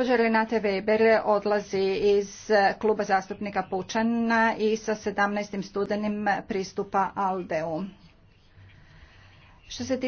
Gospođa Renate Weber odlazi iz kluba zastupnika Pučana i sa 17. studenim pristupa Aldeu. Što se tiče